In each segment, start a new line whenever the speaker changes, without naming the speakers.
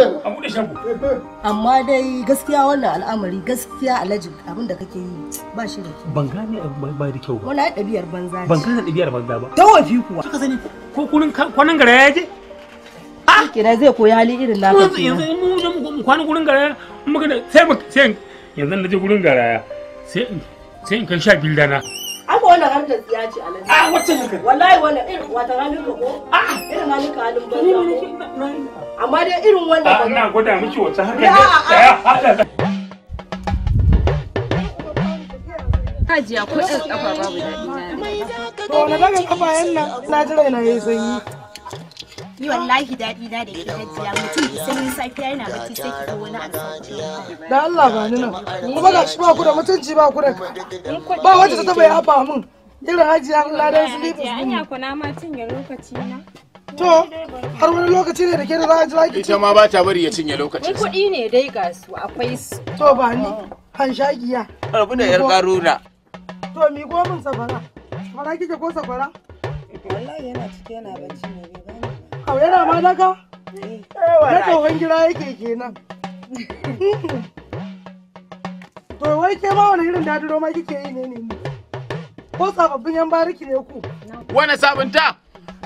amma dai gaskiya wannan al'amari gaskiya alhaji abin da kake yi ba shi da
kyau ban gane ba da kyau ba
wala ɗabi'ar banza ban gane
ɗabi'ar banza ba wafi kuwa kaka sani ko kunin kwanan gara ya je
ah kina zai koyi hali irin ka yanzu
in mu je mu kwanan gurin gara muka sai mu sai yanzu na je gurin garaya sai in kan sha bildana
wannan harkar tsiya ce alhaji a ah, wacce harkar wallahi wannan irin wata halin ka ko ah! irin halin ka halin banza amma dai irin
wannan ah, ba ina gwada miki wacce harkar ne
Hajiya ko ɗan ƙafa babu daɗi na. To na daga ƙafa yan
nan na jira na yi zanyi.
ni wallahi daɗi na da ke hajiya mutum isanin safiya yana bacci sai ki ga wani an
da Allah ba ni nan kuma ga shi ba ku da mutunci ba ku da ka.
ba wacce ta taba yafa
min irin hajiya Allah dan su libu
anya ku na ma cinye lokaci na
to har wani lokaci
ne da ke da za a jira ki ita ma ba ta bari ya cinye lokacin Wai kuɗi
ne dai ga su akwai su to ba ni hanshagiya
rabu da yar garuna
to mi ko min safara fara kike ko safara wallahi yana
cike yana bacci ne
aure na ma daga? Eh, na tsohon gira yake kenan. To wai ke ma wani irin dadiro ma kike yi ne ne Ko sababbin yan bariki ne ku?
Wani sabunta?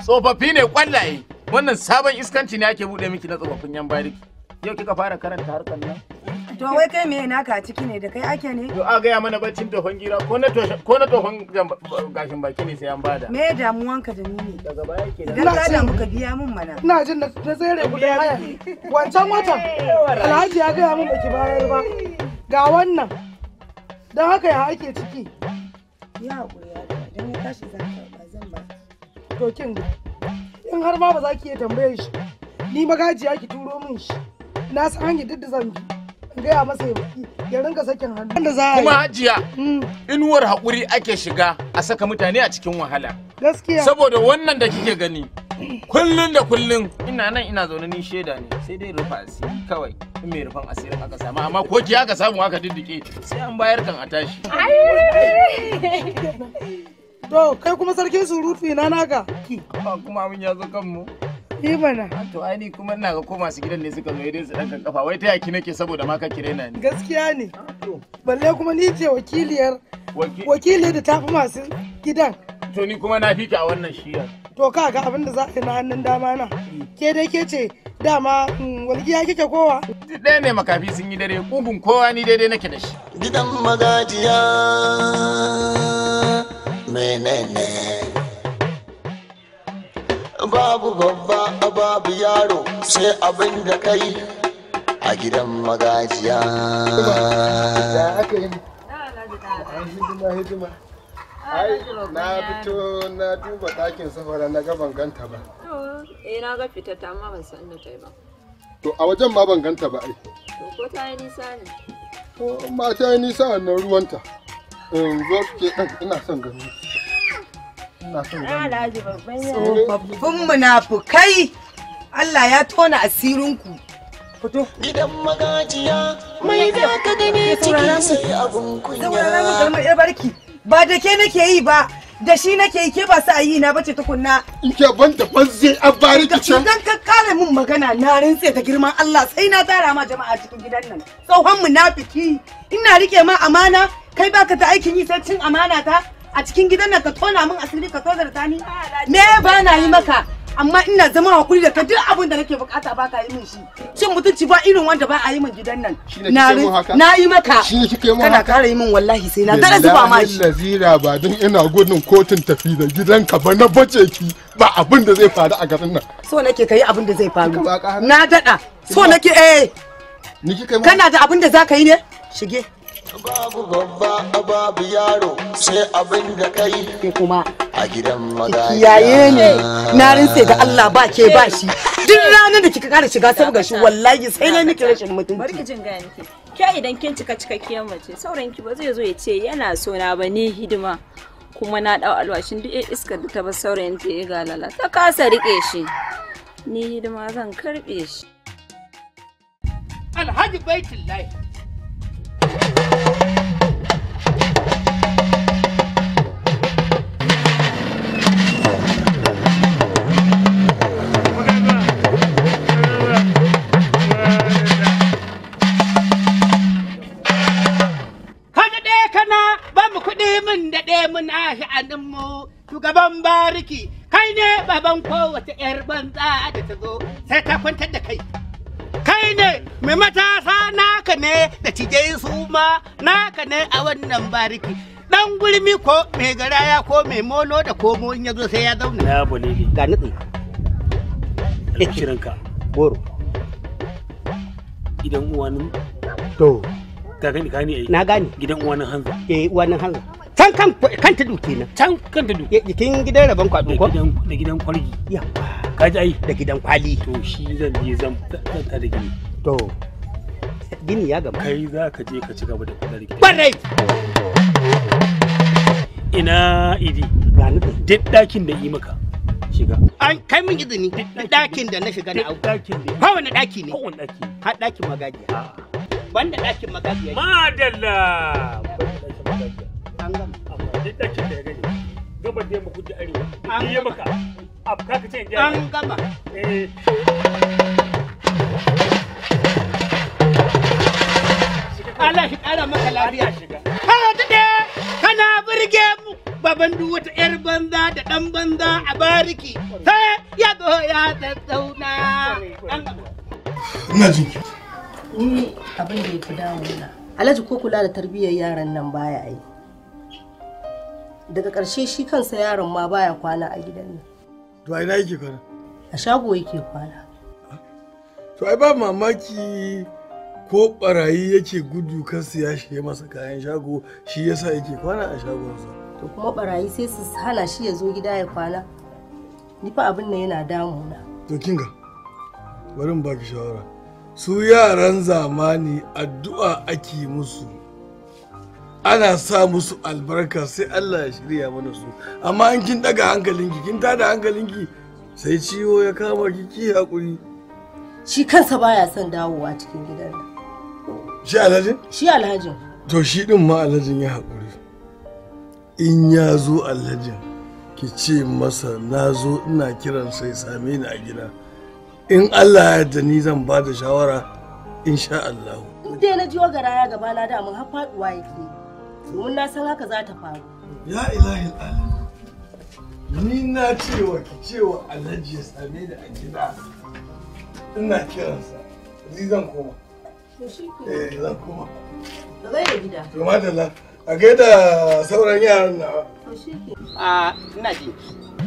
Tsofaffi ne kwallaye. Wannan sabon iskanci ne ake bude miki na tsofaffin yan bariki. Yau kika fara karanta harkar nan?
To wai kai me naka a ciki ne da kai ake
ne? To a gaya mana baccin tofan gira ko na tofan gashin baki ne sai an bada. Me
damuwanka da ni ne? Daga baya ke da. Idan ka muka
biya min mana. Ina jin na tsere kudin haya. Wancan watan Alhaji ya gaya min baki bayar ba. Ga wannan. Don haka ya ake ciki. Ya haƙuri ya idan ya tashi zan ba zan ba. To kin In har ma ba za ki iya tambayar shi. Ni magajiya ki turo min shi. Na san hanyar duk da zan bi. gaya masa ya rinka sakin hannu. Kuma hajiya
hmm. inuwar haƙuri ake shiga a saka mutane a cikin wahala. Gaskiya. Saboda wannan da kike gani kullum da kullun ina nan ina zaune ni shaida ne sai dai rufa asiri kawai in mai rufan asiri aka samu amma ko ki aka samu aka diddike sai an bayar kan a tashi.
To kai kuma sarkin surutu ina naka.
Kuma ya zo kanmu. Yi mana. To ai ni kuma ina ga ko masu gidan ne suka zo idan su dan kafa wai ta yaki nake saboda ma ka kire na ni. Gaskiya ne. Balle kuma ni ce
wakiliyar wakiliyar da tafi masu gidan.
To ni kuma na fika a wannan shiyar.
To ka ga abin da za ka na hannun dama na. Ke dai ke ce dama mm, walgiya
kike kowa. Ɗaya ne makafi sun yi dare kungun kowa ni daidai nake da shi. Gidan magajiya menene. babu babba a babu yaro sai abin da kai a gidan magajiya ai na fito na duba ɗakin safara na ga ban ganta ba
eh na ga fita ta amma ban san da ba
to a wajen ma ban ganta ba ai
ko ta yi nisa ne
ko ma ta yi nisa na ruwanta in zo ke ina son ganin
Tsofaffin
ah, munafukai Allah ya tona asirinku. Fito. Gidan magajiya mai da ka gani ciki sai abun kunya. Saboda na musulman yar barki ba da ke nake yi ba da shi nake yi ke ba sa yi na bace tukunna. Ke ban
da ban zai abari ki can. Idan
ka kare min magana na rinse ta girman Allah sai na tsara ma jama'a cikin gidan nan. Tsohon munafiki ina rike ma amana kai baka ta aikin yi sai cin amana ta. a cikin gidan nan ka tona min asiri ka da ni me ba na yi maka amma ina zama hakuri da ka duk abin da nake bukata ba ka yi min shi cin mutunci ba irin wanda ba a yi min gidan nan na yi maka kana kare yi min wallahi sai na gara zuba ma shi
zira ba don ina gudun kotun tafi da gidanka ba na bace ki ba abin da zai faru a garin nan
so nake kai abin da zai faru na dada so nake eh kana da abin da zaka yi ne shige babu babba
a babu yaro sai abin da kai ke kuma a gidan magana yaye ne na rinse ga Allah ba ke ba shi
duk ranar da kika kara shiga sabga shi wallahi sai na miki rashin mutunci bari
ki jin ga niki ke idan kin cika cikakkiyar mace sauran ki ba zai zo ya ce yana so na ba ni hidima kuma na dau alwashin duk iskar da ta ba sauran ta ya galala ta kasa rike shi ni hidima zan karbe shi alhaji baitullahi
gidan kowace 'yar banza da ta zo sai ta kwantar da kai kai ne mai matasa naka ne da cije su ma naka ne a wannan bariki dan gulmi ko mai garaya ko mai mono da komo in ya zo sai ya zauna
ya bole ga nutsi shirinka goro gidan uwanin to ka gani ka na gani gidan uwanin hanza
eh uwanin can kan kan tudu kenan can kan tudu jikin gidan rabon kwado ko da
gidan kwalgi yawa kaji ai da gidan kwali to shi zan je zan ta da gini to gini ya gama kai za ka je ka ci gaba da kudar gida barai ina idi duk dakin da yi maka shiga
an kai min izini dakin da na shiga na auku dakin da wani daki ne wani daki Ha dakin magajiya ah. banda dakin magajiya madalla an gama an gama shi maka shiga kana tuɗe kana mu baban wata 'yar banza da ɗan banza a bariki sai
ya
zo ya tattauna
an gama
ina
ni abin da ya fi dawo na alhaji ko kula da tarbiyyar yaran nan baya yi daga ƙarshe shi kansa yaron ma baya kwana a gidan nan
to ai ina yake kwana
a shago yake kwana
to ai ba mamaki ko barayi yake gudu kansu ya shiye masa kayan shago shi yasa yake kwana a shagonsa to
kuma barayi sai su hana shi ya zo gida ya kwana ni fa abin nan yana damuna
to kinga bari in baki shawara su yaran zamani addu'a ake musu ana sa musu albarka sai Allah ya shirya mana su amma an kin daga hankalinki kin tada hankalinki sai ciwo ya kama ki ki hakuri
shi kansa baya son dawowa cikin gidan nan
shi alhaji. shi alhaji to shi din ma alhaji ya hakuri in ya zo alhaji ki ce masa na zo ina kiran sai same ni a gida in Allah ya yarda ni zan ba da shawara insha Allah.
In dai na ji gara ya gaba na damun har faduwa yake. Mun na san haka za ta faru.
Ya ilahi Ni na cewa ki cewa Alhaji ya same da a gida. Ina kiransa. Ni zan koma.
Eh zan koma. Ka gaida gida. To
madalla. A gaida sauran yaran na. To shi ke.
Ah ina jinki.